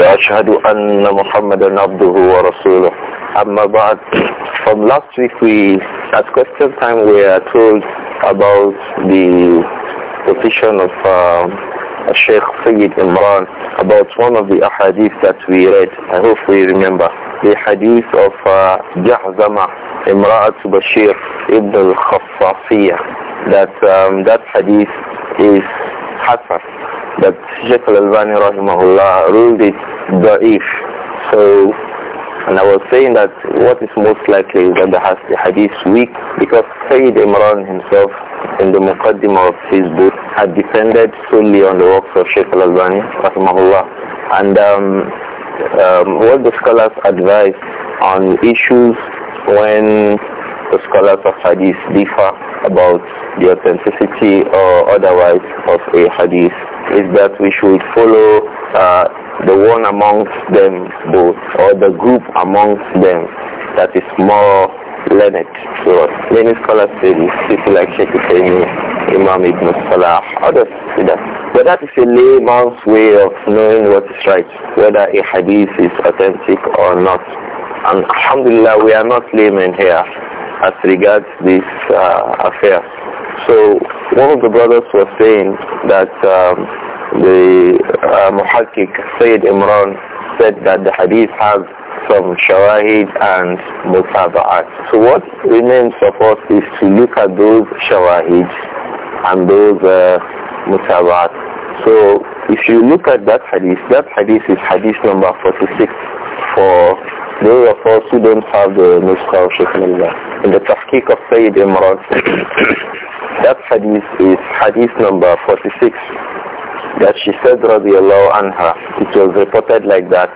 وأشهد أن محمدا عبده ورسوله أما بعد From last week we, at question time we are told about the position of uh, Sheikh Sayyid Imran about one of the ahadith that we read. I hope we remember. The hadith of uh, Jahzama, Imra'at Bashir ibn al-Khaffafiyah. That, um, that hadith is Hassan that Sheikh al-Albani rahimahullah ruled it da'if. So, and I was saying that what is most likely is that the hadith weak because Sayyid Imran himself in the Muqaddimah of his book had depended solely on the works of Sheikh al-Albani rahimahullah. And um, um, what the scholars advise on issues when the scholars of hadith differ about the authenticity or otherwise of a hadith is that we should follow uh, the one amongst them both or the group amongst them that is more learned. So many scholars say this, people like Sheikh Hussein, Imam Ibn Salah, others say that. But that is a layman's way of knowing what is right, whether a hadith is authentic or not. And alhamdulillah, we are not laymen here as regards this uh, affair. So one of the brothers was saying that um, the uh, Muhakkik Sayyid Imran said that the hadith has some shawahid and mutaba'at. So what remains of us is to look at those shawahid and those uh, mutaba'at. So if you look at that hadith, that hadith is hadith number 46 for those of us who don't have the Nuskha of Shaykh In the Tafkik of Sayyid Imran, that hadith is hadith number 46 that she said radiallahu anha, it was reported like that,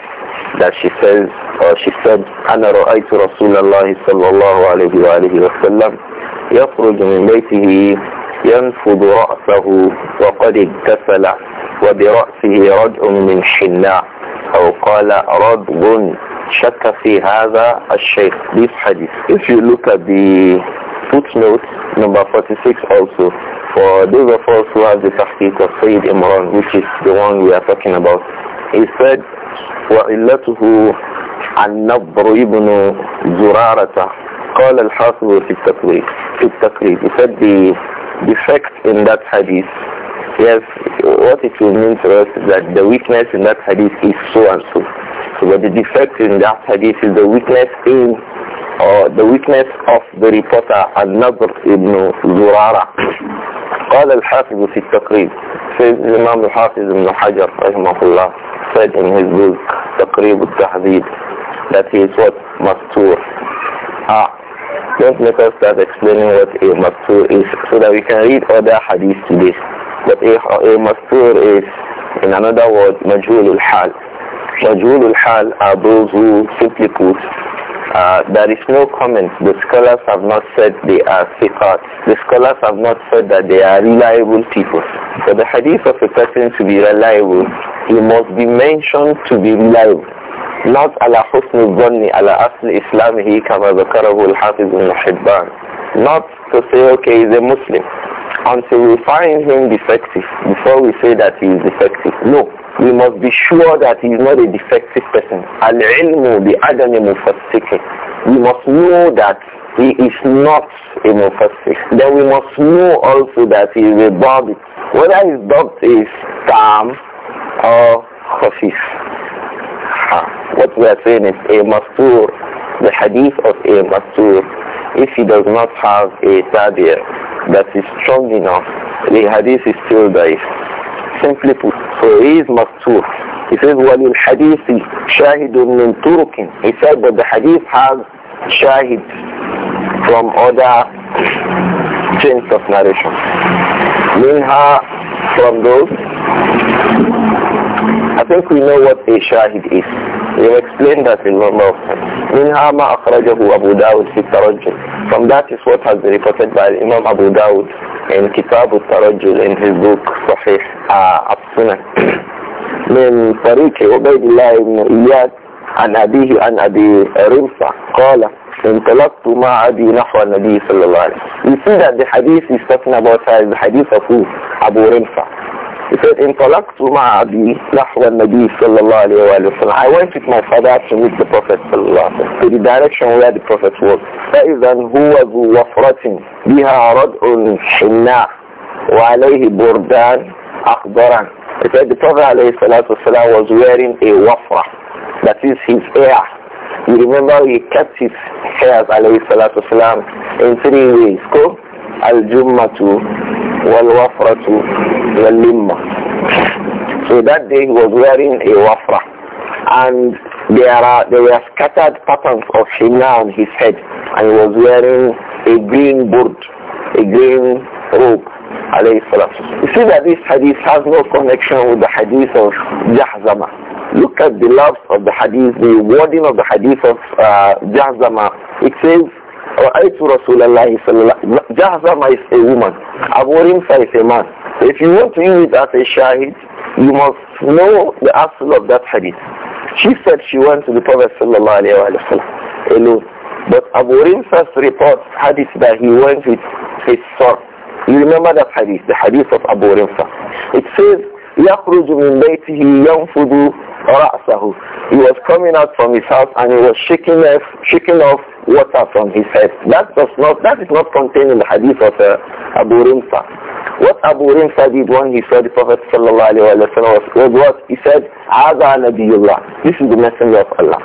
that she says, or she said, أنا رأيت رسول الله صلى الله عليه وآله وسلم يخرج من بيته ينفض رأسه وقد اكتسل وبرأسه رجع من حناء أو قال رضب شك في هذا الشيخ this hadith if you look at the footnote number 46 also for those of us who have the tafsir of Sayyid Imran, which is the one we are talking about, he said, وَإِلَّتُهُ النَّبْرُ إِبْنُ زُرَارَةَ قَالَ الْحَافِظُ فِي التَّقْرِيبِ في التقريب He said the defect in that hadith, yes, what it will mean to us is that the weakness in that hadith is so and so. So but the defect in that hadith is the weakness in or uh, the weakness of the reporter Al-Nadr ibn Zurara قال الحافظ في التقريب سيد الإمام الحافظ ابن حجر رحمه الله said in his book تقريب التحديد that he is what مستور ah don't let us start explaining what a mastur is so that we can read other hadith today but a, a mastur is in another word majhul al-hal majhul al-hal are those who simply put Uh, there is no comment. The scholars have not said they are thiqat. The scholars have not said that they are reliable people. For the hadith of a person to be reliable, he must be mentioned to be reliable. Not ala husn zanni ala asl islamihi kama zakarahu al-hafiz al Hibban. Not to say, okay, he's a Muslim. Until we find him defective, before we say that he is defective. No we must be sure that he is not a defective person. Al-ilmu bi-adami mufassikin. We must know that he is not a mufassik. Then we must know also that he is a Babi. Whether his doubt is tam or khafif. What we are saying is a mastur, the hadith of a mastur, if he does not have a tadir that is strong enough, the hadith is still daif simply put. So he is mastur. He says, وَلِلْ الْحَدِيثِ شَاهِدٌ مِنْ تُرُكٍ He said that the hadith has shahid from other chains of narration. Minha from those. I think we know what a shahid is. We have explained that in one of Minha ma akhrajahu Abu Dawud fi From that is what has been reported by Imam Abu Dawud in كتاب الترجل ان في book صحيح عبسنا آه، من طريق عبيد الله بن إياد عن أبيه عن أبي رمصة قال انطلقت مع أبي نحو النبي صلى الله عليه وسلم You بحديث يستثنى the hadith is talking uh, He said, In talaqtu ma'abi lahwa nabi sallallahu alayhi wa sallam. I went with my father to meet the Prophet sallallahu alayhi wa to the direction where the Prophet was. فَإِذَنْ هُوَ ذُو وَفْرَةٍ بِهَا رَدْءٌ حِنَّةٌ وَعَلَيْهِ بُرْدَانٌ أَخْضَرًا He said, the Prophet alayhi salatu was wearing a wafra. That is his hair. You remember he kept his hair alayhi salatu in three ways. Go. Al-Jummatu والوفرة واللمة so that day he was wearing a wafra and there are there were scattered patterns of henna on his head and he was wearing a green board a green robe you see that this hadith has no connection with the hadith of Jahzama look at the love of the hadith the wording of the hadith of uh, Jahzama it says رأيت رسول الله صلى is a woman Abu Rimsa is a man if you want to use it as a shahid you must know the asl of that hadith she said she went to the Prophet sallallahu alayhi عليه alone but Abu Rimsa's report hadith that he went with his son you remember that hadith the hadith of Abu Rimsa it says يخرج من بيته ينفض رأسه He was coming out from his house and he was shaking off, shaking off water from his head. That does not, that is not contained in the hadith of uh, Abu Rimsa. What Abu Rimsa did when he saw the Prophet sallallahu alaihi wasallam was, was what? He said, "Aza Nabiullah." This is the messenger of Allah.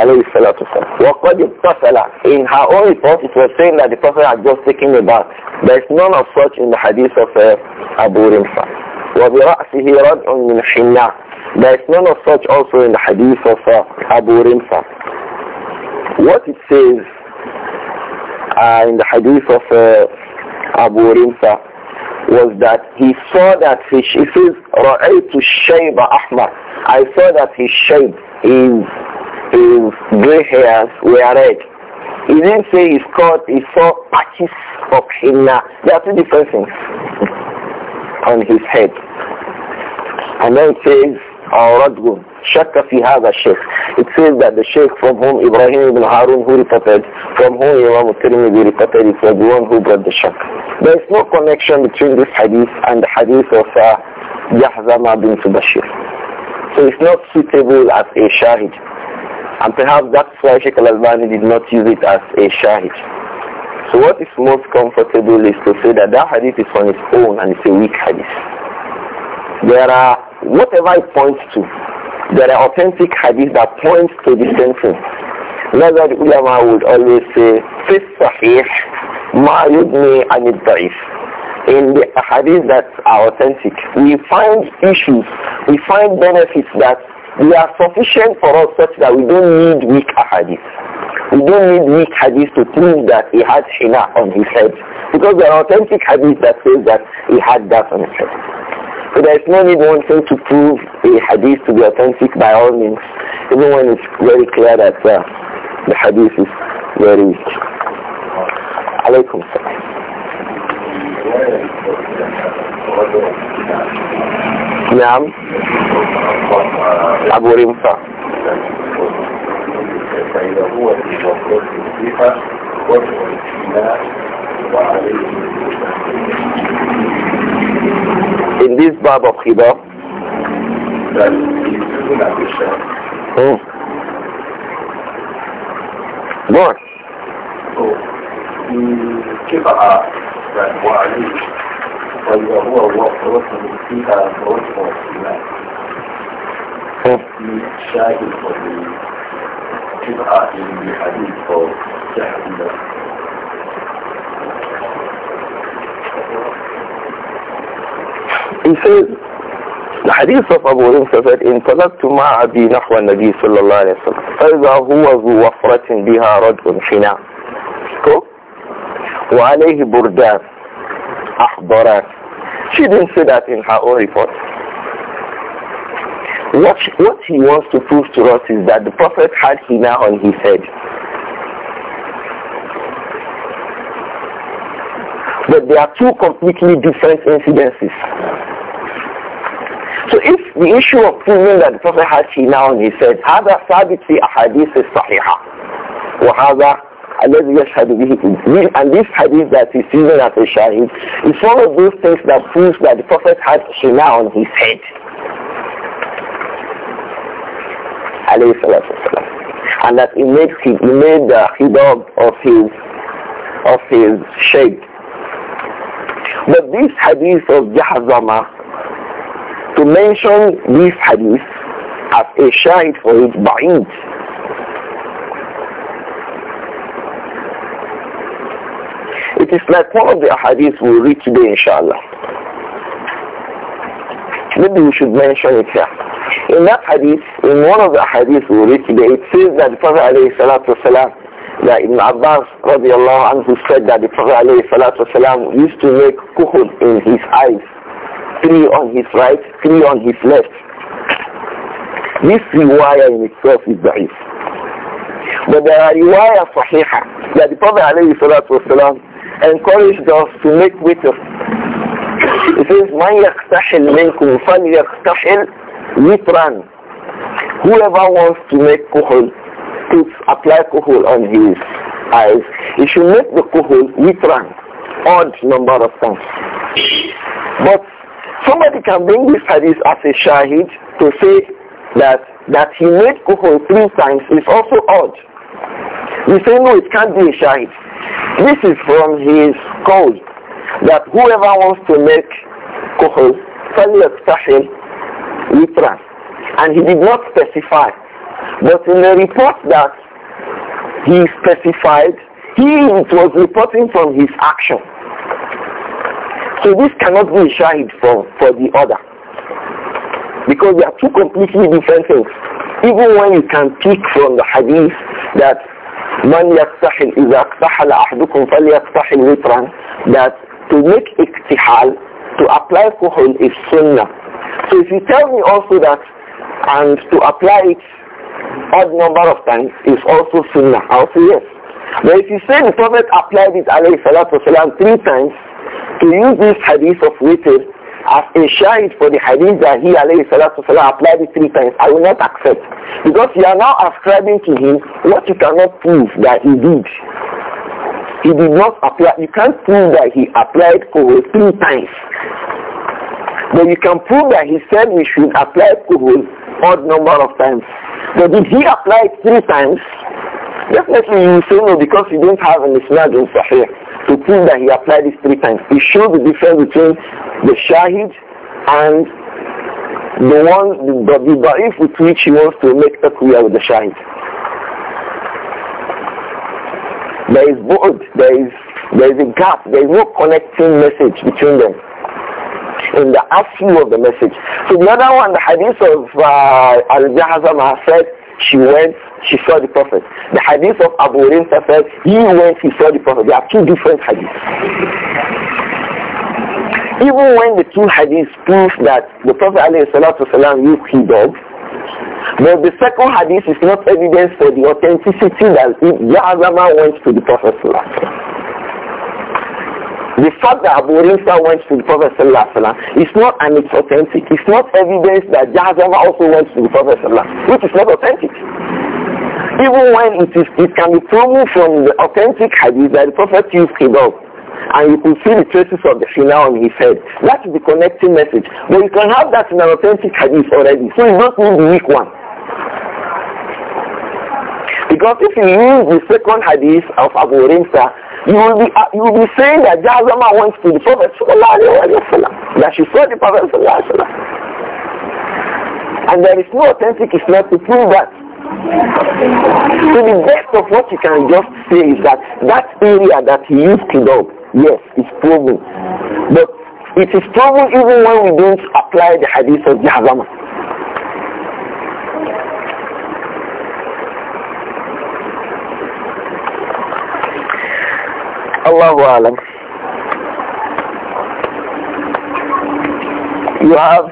Alayhi salatu وَقَدْ اِبْتَسَلَ In her own report, it was saying that the Prophet had just taken a bath. There is none of such in the hadith of uh, Abu Rimsa. وبرأسه ردع من حناء There is none of such also in the hadith of uh, Abu Rimsa. What it says uh, in the hadith of uh, Abu Rimsa was that he saw that his, he says, رَأَيْتُ الشَّيْبَ أَحْمَرْ I saw that his shape, his, his gray hairs were red. He didn't say his coat, he saw patches of henna. There are two different things on his head. And then it says, Aradgun, Shakka fi hadha Sheikh. It says that the Sheikh from whom Ibrahim ibn Harun who reported, from whom Imam al-Tirmidhi reported, is the one who brought the Shak. There is no connection between this hadith and the hadith of uh, Yahzama bin Subashir. So it's not suitable as a Shahid. And perhaps that's why Sheikh al-Albani did not use it as a Shahid. So what is most comfortable is to say that that hadith is on its own and it's a weak hadith. There are, whatever it points to, there are authentic hadith that points to the same thing. That's why the ulama would always say, Fis sahih ma yudni anid da'if. In the hadith that are authentic, we find issues, we find benefits that they are sufficient for us such that we don't need weak hadith. We don't need weak hadith to prove that he had shina on his head. Because there are authentic hadith that says that he had that on his head. So there is no need one thing to prove a hadith to be authentic by all means, even when it's very clear that uh, the hadith is very weak. Alaykum Naam. ابو ريم فإذا هو في وقت الصحيحة وعليه In this bab of Khidah, hmm. Go on. وعليه هو وقت فيها من شاهد تبقى في حديث فوق جهنم He says, الحديث of Abu انطلقت مع أبي نحو النبي صلى الله عليه وسلم فإذا هو ذو وفرة بها رجل حناء وعليه بردان أحضران She didn't say that in her own report. What, what he wants to prove to us is that the Prophet had Hina on his head. But there are two completely different incidences. So if the issue of proving that the Prophet had Hina on his head, هذا ثابت في أحاديث الصحيحة وهذا الذي يشهد به and this hadith that is seen as a shahid is one of those things that proves that the Prophet had Hina on his head. And that he made, he made the hijab of his, of his shade. But this hadith of Jahazama, to mention this hadith as a shahid for his ba'id, It is like one of the hadiths we read today, inshallah. Maybe we should mention it here. In that hadith, in one of the hadiths we read it says that the Prophet alayhi salatu wasalam, that Ibn Abbas radiallahu anhu said that the Prophet alayhi salatu wasalam used to make kuhud in his eyes, three on his right, three on his left. This riwayah in itself is da'if. But there are riwayah sahiha that the Prophet alayhi salatu wasalam encouraged us to make witr. It says, من يقتحل منكم فليقتحل Yitran, whoever wants to make kohol, to apply kohol on his eyes, he should make the kuhul Yitran, odd number of times. But somebody can bring this hadith as a shahid to say that that he made kohol three times is also odd. We say no, it can't be a shahid. This is from his code that whoever wants to make kuhul فليستحل witran. And he did not specify. But in the report that he specified, he was reporting from his action. So this cannot be shahid for, for the other. Because they are two completely different things. Even when you can pick from the hadith that man yaktahil iza aktahala ahdukum fal yaktahil witran that to make iktihal, to apply kuhul is sunnah. So if you tell me also that and to apply it odd number of times is also sunnah, I'll say yes. But if you say the Prophet applied it alayhi salatu wasalam three times to use this hadith of witr as a shahid for the hadith that he alayhi salatu wasalam applied it three times, I will not accept. Because you are now ascribing to him what you cannot prove that he did. He did not apply, you can't prove that he applied for three times. But you can prove that he said we should apply kuhul odd number of times. But did he apply it three times? Definitely you say no because you don't have an isnad in Sahih to prove that he applied it three times. It showed the difference between the shahid and the one, the, the da'if with which he wants to make a clear with the shahid. There is is, there is a gap, there is no connecting message between them in the asli of the message. So the other one, the hadith of uh, Al-Jahazama said, she went, she saw the prophet. The hadith of Abu Rinsa said, he went, he saw the prophet. There are two different hadiths even when the two hadiths prove that the Prophet والسلام, used dog, but the second hadith is not evidence for the authenticity that Yazama went to the Prophet. The fact that Abu Rinsa went to the Prophet Sallallahu Alaihi Wasallam is not and it's authentic. It's not evidence that Jahazama also went to the Prophet Sallallahu Alaihi Wasallam, which is not authentic. Even when it, is, it can be proven from the authentic hadith that the Prophet used Hibab, and you could see the traces of the final on his head. That is the connecting message. But you can have that in an authentic hadith already, so you don't need the weak one. Because if you use the second hadith of Abu Rinsa you will be uh, you will be saying that Jahazama went to the Prophet that she saw the Prophet and there is no authentic Islam to prove that. So the best of what you can just say is that that area that he used to love, yes, is proven. But it is proven even when we don't apply the hadith of Jahazama. الله أعلم you have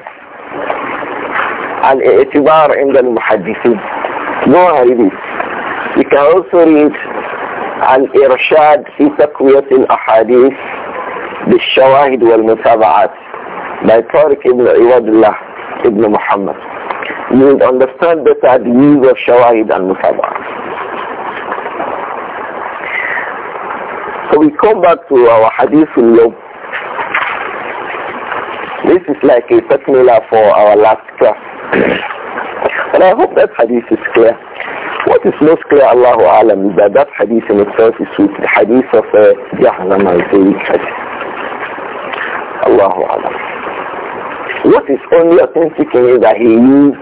al-i'tibar in the muhaddithin go read it you can also read بالشواهد والمتابعات by Tariq ibn Iwadullah ibn Muhammad you will understand better the use of shawahid and mutaba'at we come back to our hadith love. This is like a technical for our last class. and I hope that hadith is clear. What is most clear, Allahu Alam, is that that hadith in itself is with the hadith of uh, Jahannam al-Sayyid Allahu Alam. What is only authentic is that he used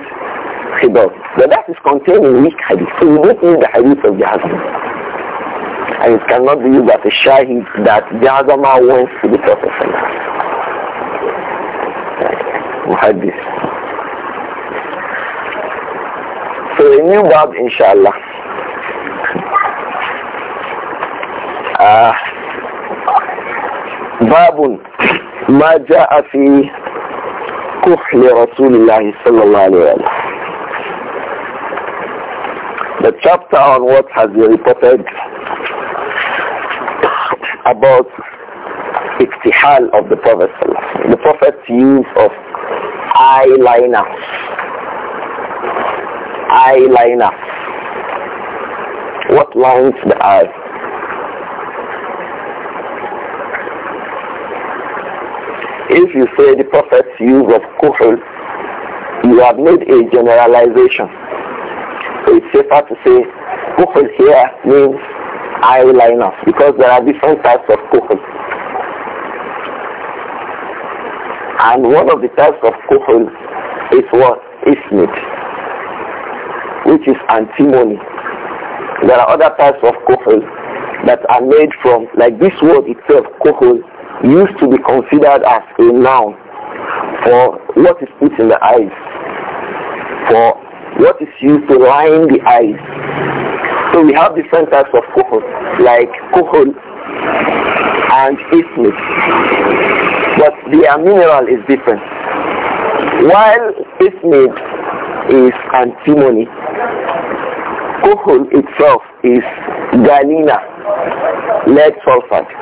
khidab. But that is contained in weak hadith. So we don't need the hadith of Jahannam and it cannot be used as a shahid that the Jahazama went to the Prophet. this? So a new bab, inshallah. Uh, باب ما جاء في كحل رسول الله صلى الله عليه وسلم The chapter on what has been reported about iftihal of the Prophet. The Prophet's use of eyeliner. Eyeliner. What lines the eye? If you say the Prophet's use of kohl, you have made a generalization. So it's safer to say kohl here means eyeliner because there are different types of kohol. And one of the types of kohol is what? Ismit, which is antimony. There are other types of kohol that are made from, like this word itself, kohol, used to be considered as a noun for what is put in the eyes, for what is used to line the eyes. So we have different types of kuhul, like kuhul and ismid. But the mineral is different. While ismid is antimony, kuhul itself is galena, lead sulphate.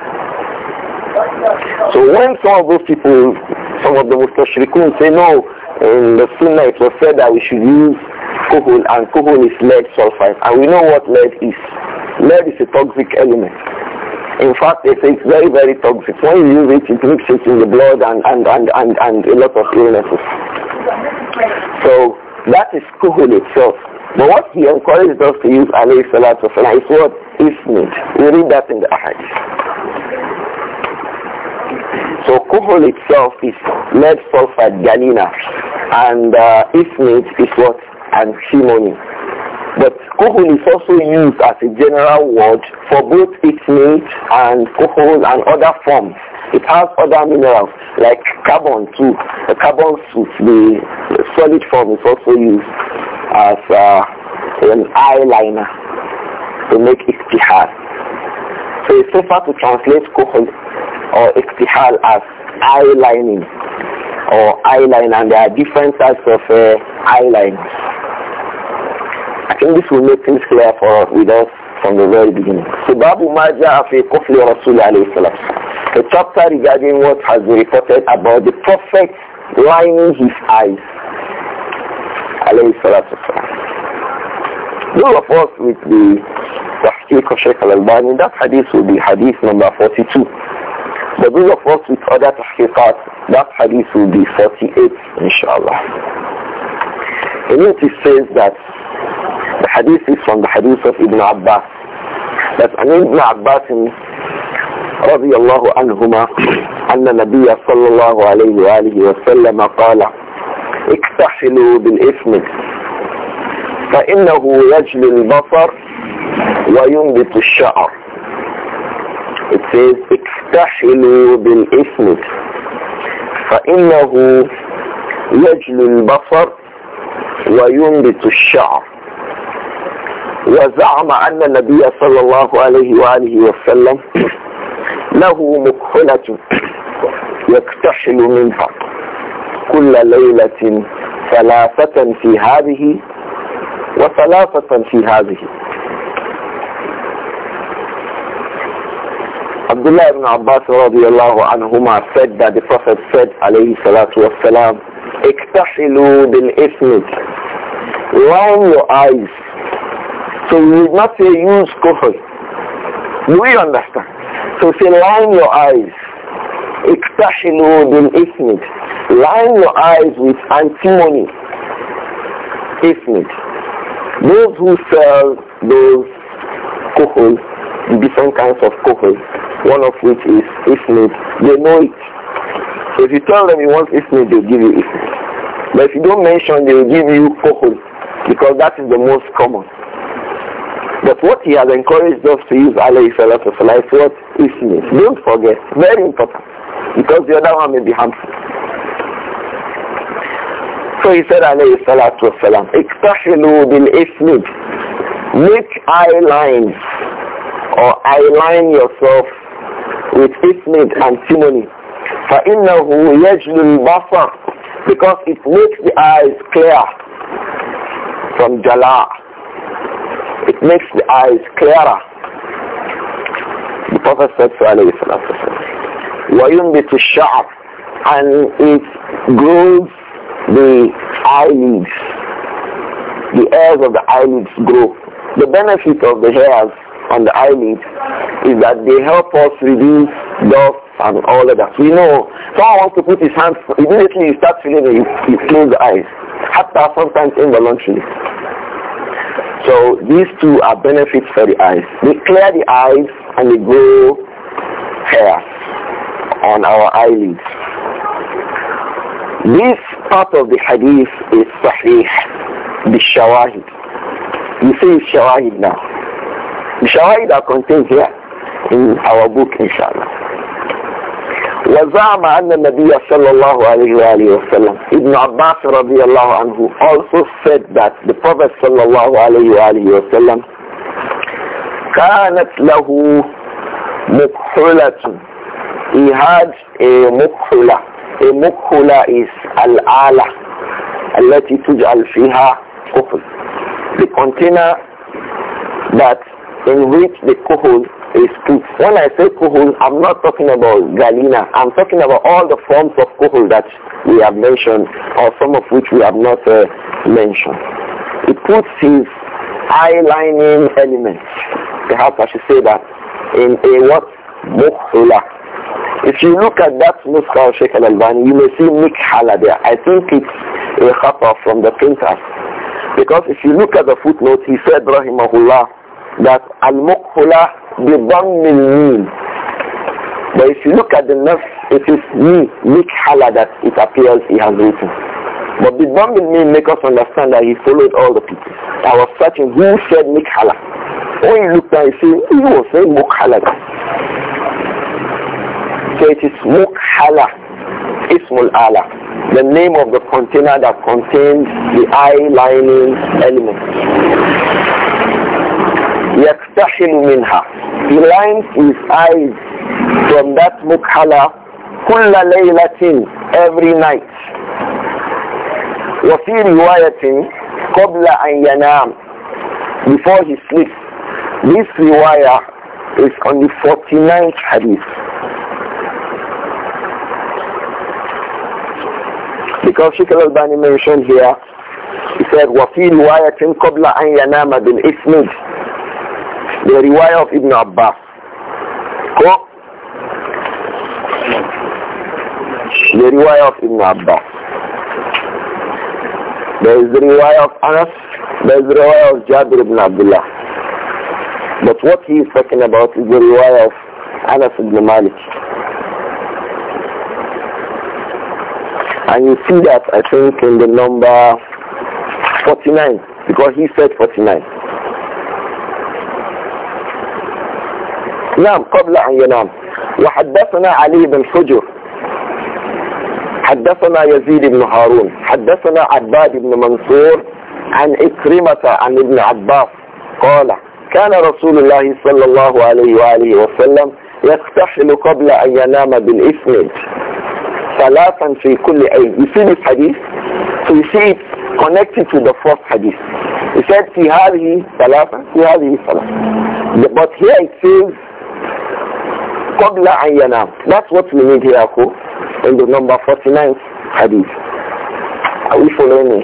So when some of those people, some of the Mustashrikun say no, in the Sunnah it was said that we should use kuhun and kuhun is lead sulfide. And we know what lead is. Lead is a toxic element. In fact, they say it's very, very toxic. When you use it, it mixes in the blood and, and, and, and, and a lot of illnesses. So that is kuhun itself. But what he encouraged us to use alayhi salatu wasalam is what is need. We read that in the hadith. So kuhul itself is lead sulfide galena and uh, ismid is what and simony. But kohol is also used as a general word for both its name and kohol and other forms. It has other minerals like carbon too. The carbon suit, the solid form is also used as uh, an eyeliner to make ikhtihal. So it's safer to translate kohol or ikhtihal as eyelining or eyeliner. and there are different types of uh, I think this will make things clear for us with us from the very beginning. So Babu Majah afi Kufli Rasul A chapter regarding what has been reported about the Prophet lining his eyes. Alayhi salatu Those of us with the Tahqiq of Sheikh al-Albani, that hadith will be hadith number 42. But those of us with other tahqiqat, that hadith will be 48, inshallah. And it says that hadith is from the hadith of Ibn Abbas. That an Ibn Abbas رضي الله عنهما أن النبي صلى الله عليه وآله وسلم قال اكتحلوا بالإثم فإنه يجل البصر وينبت الشعر It says اكتحلوا بالإثم فإنه يجل البصر وينبت الشعر وزعم أن النبي صلى الله عليه وآله وسلم له مكحلة يكتحل منها كل ليلة ثلاثة في هذه وثلاثة في هذه عبد بن عباس رضي الله عنهما said that the Prophet said عليه الصلاة والسلام اكتحلوا بالإثم. Round your eyes So you did not say use kufr. We understand. So say line your eyes. اكتحلوا بالإثمد Line your eyes with antimony. Ismid. Those who sell those kohol, different kinds of kohol, one of which is Ismid, they know it. So if you tell them you want Ismid, they give you Ismid. But if you don't mention, they'll give you kohol because that is the most common. But what he has encouraged us to use alayhi salatu salam is what is means. Don't forget. Very important. Because the other one may be harmful. So he said alayhi salatu salam, Iktahilu bil ismid. Make eye lines or eye line yourself with ismid and simony. فَإِنَّهُ يَجْلُ الْبَصَرِ Because it makes the eyes clear from jala makes the eyes clearer. The Prophet said to alayhi salatu وَيُنْبِتُ الشَّعْرِ And it grows the eyelids. The hairs of the eyelids grow. The benefit of the hairs on the eyelids is that they help us reduce dust and all of that. You know, someone wants to put his hands, immediately He starts feeling it, he you close the eyes. After sometimes involuntarily. So these two are benefits for the eyes. They clear the eyes and they grow hair on our eyelids. This part of the hadith is sahih, the shawahid. You see shawahid now. The shawahid are contained here in our book, inshallah. وزعم أن النبي صلى الله عليه وآله وسلم ابن عباس رضي الله عنه also said that the Prophet صلى الله عليه وآله وسلم كانت له مكحلة he had a مكحلة a مكحلة is الآلة التي تجعل فيها كحل the container that in which the كحل is When I say kuhul, I'm not talking about galina. I'm talking about all the forms of kuhul that we have mentioned or some of which we have not uh, mentioned. He puts his eyelining element, perhaps I should say that, in a what? Mukhula. If you look at that Nuskha Sheikh al-Albani, you may see Mikhala there. I think it's a khata from the printer. Because if you look at the footnote, he said, Rahimahullah, that Al-Mukhula the بضم الميم but if you look at the nafs it is me mikhala that it appears he has written but the bomb in me make us understand that he followed all the people. I was searching who said Mikhala. When you look down, you see, he was saying Mukhala? So it is Mukhala, Ismul Allah, the name of the container that contains the eye lining element. يقتحم minha. he lines his eyes from that mukhala كل laylatin every night وفي رواية قبل أن ينام before he sleeps this riwayah is on the 49th hadith because Sheikh al-Albani mentioned here he said وفي رواية قبل أن ينام بالإسناد the riwayah of Ibn Abbas. Go. The riwayah of Ibn Abbas. There is the riwayah of Anas. There is the riwayah of Jabir ibn Abdullah. But what he is talking about is the riwayah of Anas ibn Malik. And you see that I think in the number 49 because he said 49. نعم قبل أن ينام وحدثنا علي بن حجر حدثنا يزيد بن هارون حدثنا عباد بن منصور عن إكرمة عن ابن عباس قال كان رسول الله صلى الله عليه وآله وسلم يقتحل قبل أن ينام بالإسمد ثلاثا في كل أي You see this hadith? So you see it connected to the first hadith. He said في هذه ثلاثة في هذه ثلاثة. But here it says qabla an That's what we need here, Ko, in the number 49 hadith. Are we following me?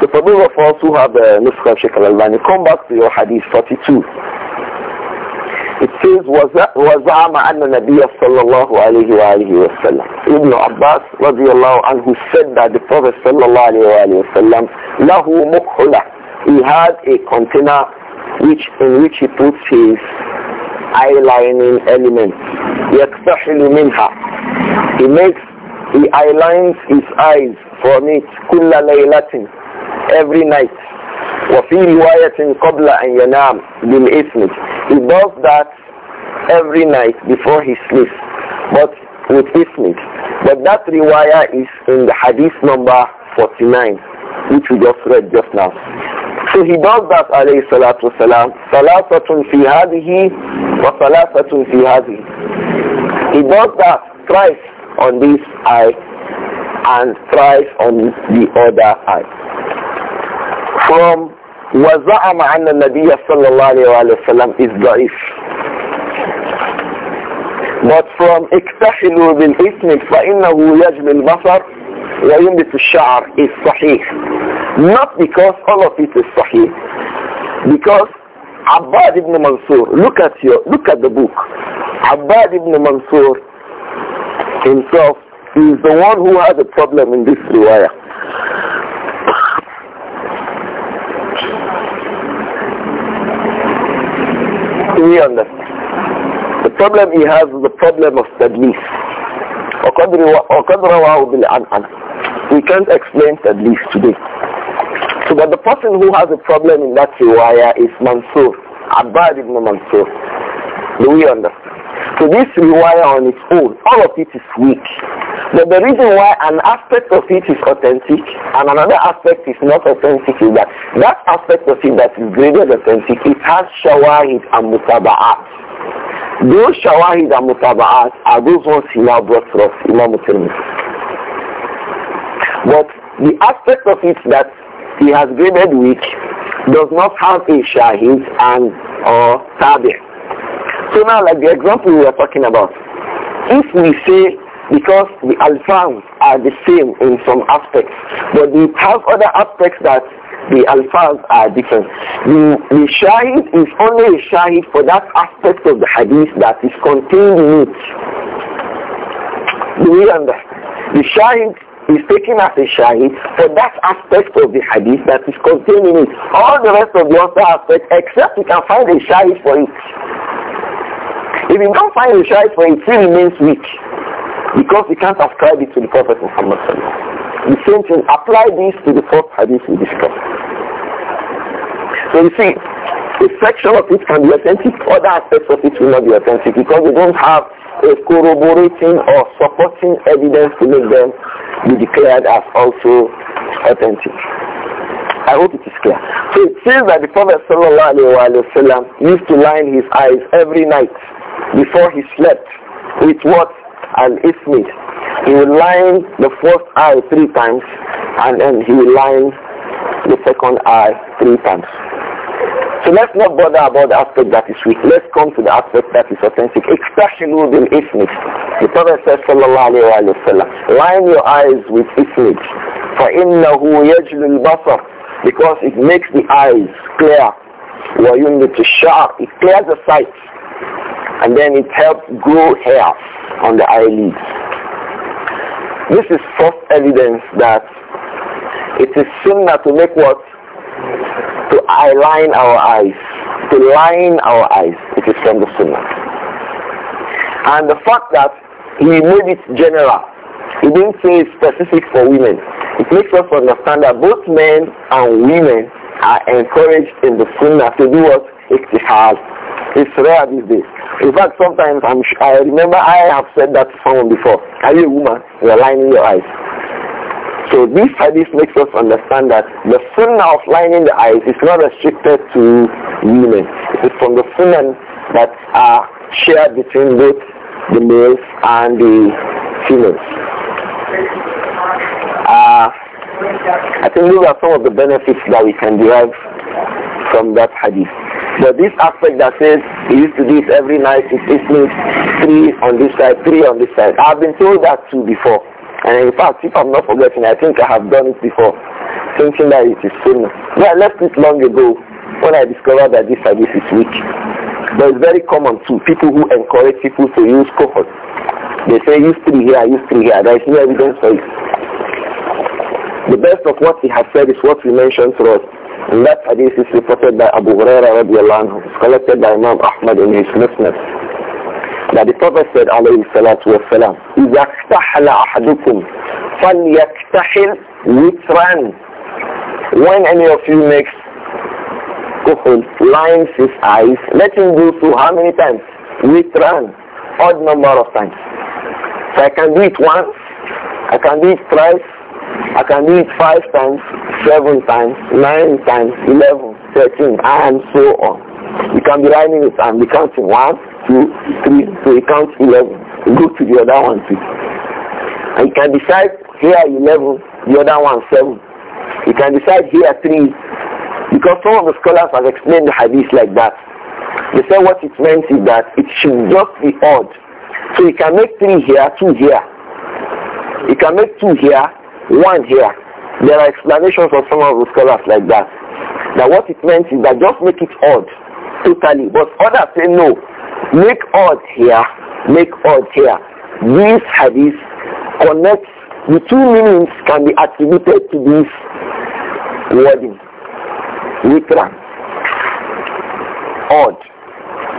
So for those of us who have the uh, Muslim Sheikh al-Albani, come back to your hadith 42. It says, وزعم أن النبي صلى الله عليه وآله وسلم Ibn Abbas رضي الله عنه said that the Prophet صلى الله عليه وآله وسلم له He had a container which in which he puts his eyelining element. يَكْتَحِلُ مِنْهَا He makes, he eyelines his eyes from it كُلَّ لَيْلَةٍ Every night. وَفِي رِوَايَةٍ قَبْلَ أَنْ يَنَامْ بِالْإِثْمِ He does that every night before he sleeps. But with is But that riwayah is in the hadith number 49, which we just read just now. So he does that alayhi salatu wasalam. Salasatun fi hadihi wa salasatun fi hadihi. He does that thrice on this eye and thrice on the other eye. From وزعم أن النبي صلى الله عليه وسلم is ضعيف. But from اكتحلوا بالإثم فإنه يجمي البصر وينبت الشعر is صحيح not because all of it is sahih because Abbad ibn Mansur look at your look at the book Abbad ibn Mansur himself is the one who had a problem in this riwayah we understand the problem he has is the problem of tadlis we can't explain least today. So that the person who has a problem in that riwayah is Mansur, Abad ibn Mansur. Do we understand? So this riwayah on its own, all of it is weak. But the reason why an aspect of it is authentic and another aspect is not authentic is that that aspect of it that is graded authentic, it has shawahid and mutaba'at. Those shawahid and mutaba'at are those ones he now brought for us, Imam Muslim. But the aspect of it that he has graded which does not have a shahid and or tabi. So now like the example we are talking about, if we say because the alfams are the same in some aspects, but we have other aspects that the alfaz are different. The, the shahid is only a shahid for that aspect of the hadith that is contained in it. Do we understand? The shahid is taken as a shahid for that aspect of the hadith that is contained in it. All the rest of the other aspects, except you can find a shahid for it. If you don't find a shahid for it, it remains weak because you can't ascribe it to the Prophet Muhammad sallallahu the same thing, apply this to the fourth hadith we discussed. So you see, a section of it can be authentic, other aspects of it will not be authentic because we don't have a corroborating or supporting evidence to make them be declared as also authentic. I hope it is clear. So it says that the Prophet used to line his eyes every night before he slept with what? and ismid. He will line the first eye three times and then he will line the second eye three times. So let's not bother about the aspect that is weak. Let's come to the aspect that is authentic. Extashinu bil ismid. The Prophet says, sallallahu alayhi wasallam, line your eyes with ismid. فَإِنَّهُ يَجْلُ الْبَصَرِ Because it makes the eyes clear. to sharp. It clears the sight. And then it helps grow hair on the eyelids. This is first evidence that it is sunnah to make what? To eyeline our eyes. To line our eyes. It is from the sunnah. And the fact that he made it general. He didn't say it's specific for women. It makes us understand that both men and women are encouraged in the sunnah to do what? Ikhtihad, it's rare these days. In fact, sometimes I'm, I remember I have said that to someone before. Are you a woman? You're lining your eyes. So this hadith makes us understand that the sunnah of lining the eyes is not restricted to women. It is from the sunnah that are shared between both the males and the females. Uh, I think these are some of the benefits that we can derive from that hadith. But this aspect that says he used to do it every night, it, it means three on this side, three on this side. I've been told that too before. And in fact, if I'm not forgetting, I think I have done it before, thinking that it is sin. Yeah, I left it long ago when I discovered that this hadith is weak. But it's very common too. people who encourage people to use cohort. They say, use three here, use three here. There is no evidence for it. The best of what he has said is what we mentioned to us. And that hadith is reported by Abu Huraira radiallahu anhu. It's collected by Imam Ahmad in his Musnad. That the Prophet said alayhi salatu wasalam, إِذَا اكْتَحَلَ أَحَدُكُمْ فَلْيَكْتَحِلْ وِتْرًا When any of you makes kuhul, lines his eyes, let him do so how many times? Witran, odd number of times. So I can do it once, I can do it twice. I can do it five times, seven times, nine times, eleven, thirteen, and so on. You can be writing it and be counting one, two, three, so you count eleven. You go to the other one too. And you can decide here eleven, the other one seven. You can decide here three, because some of the scholars have explained the hadith like that. They say what it meant is that it should not be odd. So you can make three here, two here. You can make two here, one here. There are explanations of some of the scholars like that. That what it meant is that just make it odd, totally. But others say no, make odd here, make odd here. This hadith connects, the two meanings can be attributed to this wording. Witran. Odd.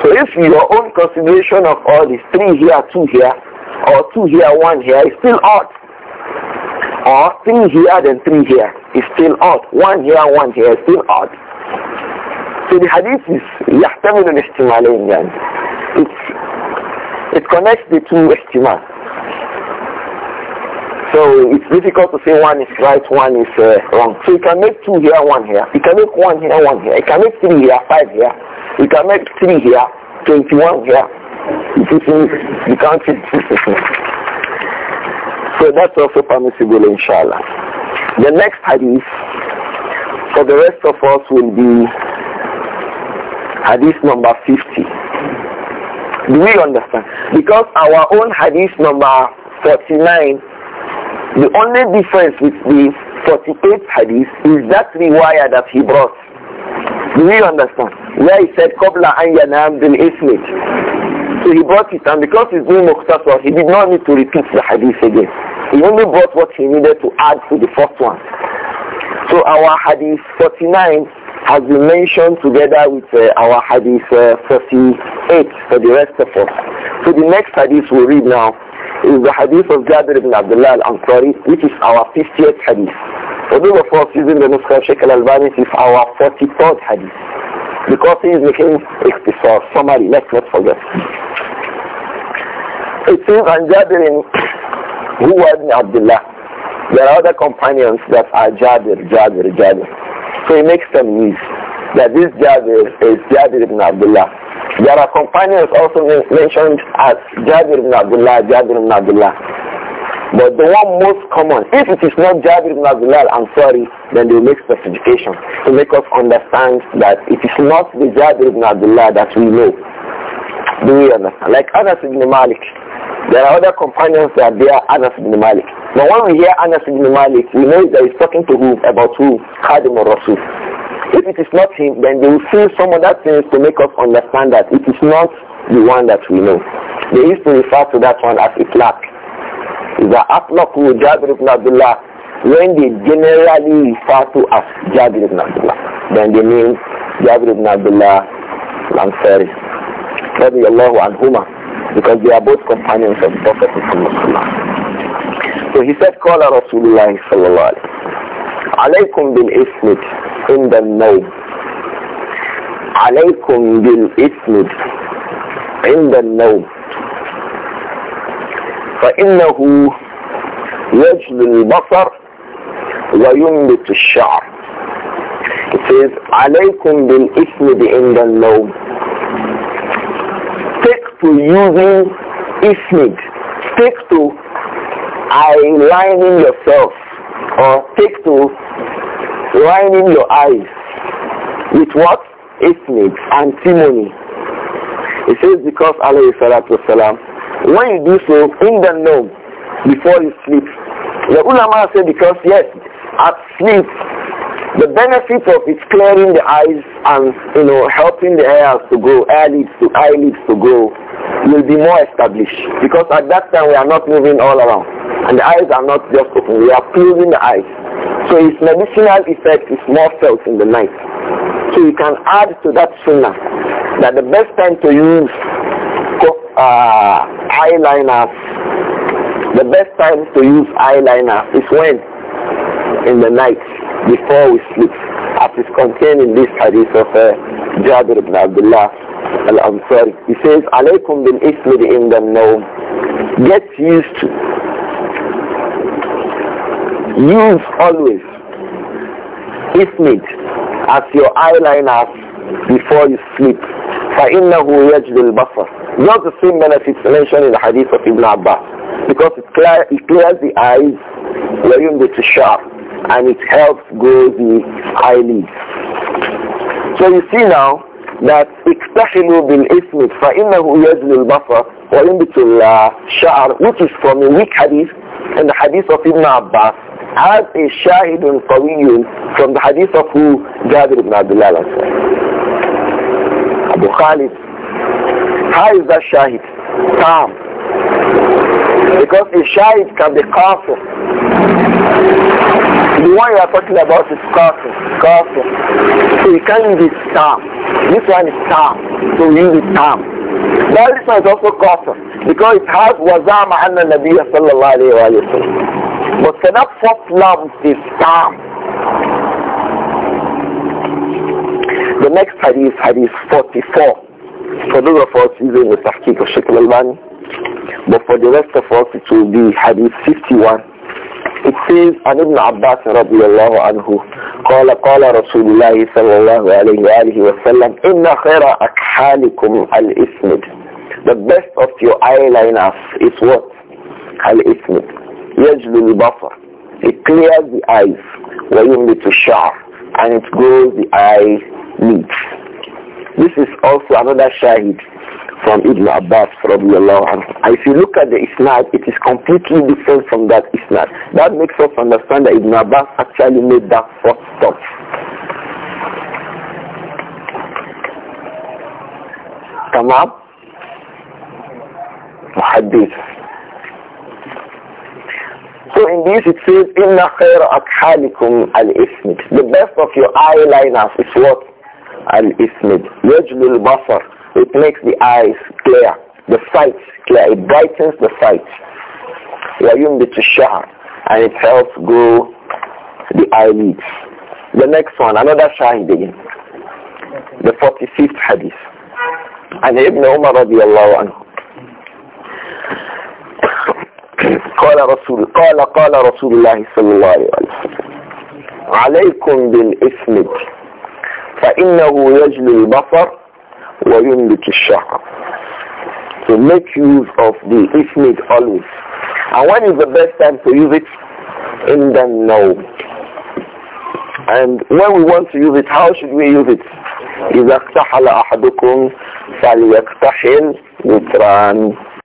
So if your own consideration of odd is three here, two here, or two here, one here, it's still odd. Or three here, then three here is still odd. One here, one here. still odd. So the hadith is يحتمل الاحتمالين يعني. It's, it connects the two ihtimal. So it's difficult to say one is right, one is uh, wrong. So you can make two here, one here. You can make one here, one here. You can make three here, five here. You can make three here, 21 here. You can't so that's also permissible, inshallah. The next hadith for the rest of us will be hadith number 50. Do we understand? Because our own hadith number 49, the only difference with the 48th hadith is that wire that he brought. Do we understand? Where he said, قَبْلَ أَنْ يَنَامْ بِالْإِسْمِةِ so he brought it, and because he's doing Muqtasar, he did not need to repeat the hadith again. He only brought what he needed to add to the first one. So our hadith 49 has been mentioned together with uh, our hadith uh, 48 for the rest of us. So the next hadith we read now is the hadith of Jabir ibn Abdullah al-Ansari, which is our 50th hadith. For those of us using the Nuskha Sheikh al-Albani, it's our 43rd hadith. Because he is making ikhtisar, summary, let's not forget. It seems and Jabir who was Abdullah. There are other companions that are Jabir, Jabir, Jabir. So he makes them news that this Jabir is Jabir ibn Abdullah. There are companions also mentioned as Jabir ibn Abdullah, Jabir ibn Abdullah. But the one most common, if it is not Jabir ibn Abdullah sorry, then they make specification to make us understand that it is not the Jabir ibn Abdullah that we know. Do we understand? Like Anas ibn Malik. There are other companions that they are Anas ibn Malik. Now when we hear Anas ibn Malik, we know that he's talking to who? About who? Khadim al-Rasul. If it is not him, then they will say some other things to make us understand that it is not the one that we know. They used to refer to that one as iflak. إذا أطلقوا جابر بن عبد الله when they generally refer to as Jabir ibn Abdullah then they mean Jabir ibn Abdullah Lansari رضي الله عنهما because they are both companions of Prophet Muhammad so he said قال رسول Alaykum صلى الله عليه the بالإسمد Alaykum bil عليكم in the النوم فإنه يجل البصر وينبت الشعر It says, عليكم بالإثم عند النوم Take to using ismid. Take to aligning yourself or take to lining your eyes with what? Ismid, antimony. It says because alayhi salatu wasalam when you do so, in the night before you sleep. The ulama said because yes, at sleep, the benefit of it clearing the eyes and you know helping the air to grow, eyelids to eyelids to grow, will be more established because at that time we are not moving all around and the eyes are not just open; we are closing the eyes. So its medicinal effect is more felt in the night. So you can add to that sooner that the best time to use uh, the best time to use eyeliner is when? In the night, before we sleep, as is contained in this hadith of uh, Jabir ibn Abdullah al-Ansari. He says, Alaykum bin ismi in the known. Get used to. Use always ismid as your eyeliner before you sleep. فَإِنَّهُ يَجْدِ الْبَصَرِ Not the same benefits mentioned in the hadith of Ibn Abbas because it, clear, it clears the eyes وَيُنْبِتِ الشَّعْرِ and it helps grow the eyelids. So you see now that اكتحلوا بالاسم فإنه يجل البصر وينبت الشعر which is from a weak hadith and the hadith of Ibn Abbas has a shahid طويل from the hadith of who Jabir ibn Abdullah Abu Khalid. How is that shahid? calm? Because a shahid can be kafir. The one you are talking about is kafir, kafir. So you can't use tam. This one is calm. So you use calm. Now this one is also kafir because it has wazama anna nabiya sallallahu alayhi wa sallam. But cannot first love is calm. next hadith, hadith 44, for those of us using the Tahqiq of Sheikh al-Albani, but for the rest of us it will be hadith 51. It says, "An Ibn Abbas رضي الله عنه قال قال رسول الله صلى الله عليه وآله وسلم إن خير أكحالكم الإسمد The best of your eyeliners is what? الإسمد يجلو البصر It clears the eyes ويملت الشعر and it grows the eye meat. This is also another shahid from Ibn Abbas radiallahu anhu. If you look at the Isnad, it is completely different from that Isnad. That makes us understand that Ibn Abbas actually made that first up. تمام So in this it says, إِنَّ خَيْرَ أَكْحَالِكُمْ الْإِثْمِ The best of your eyeliners is what? al-ismid. Yajlul basar. It makes the eyes clear, the sight clear. It brightens the sight. وَيُمْبِتُ الشَّعَرْ And it helps grow the eyelids. The next one, another shahid again. The 45th hadith. And Ibn Umar الله عنه قال رسول قال قال رسول الله صلى الله عليه وسلم عليكم بالاسمد فإنه يجلي البصر وينبت الشعر So make use of the ismid always. And when is the best time to use it? In the now. And when we want to use it, how should we use it? إذا اقتحل أحدكم فليقتحل وتران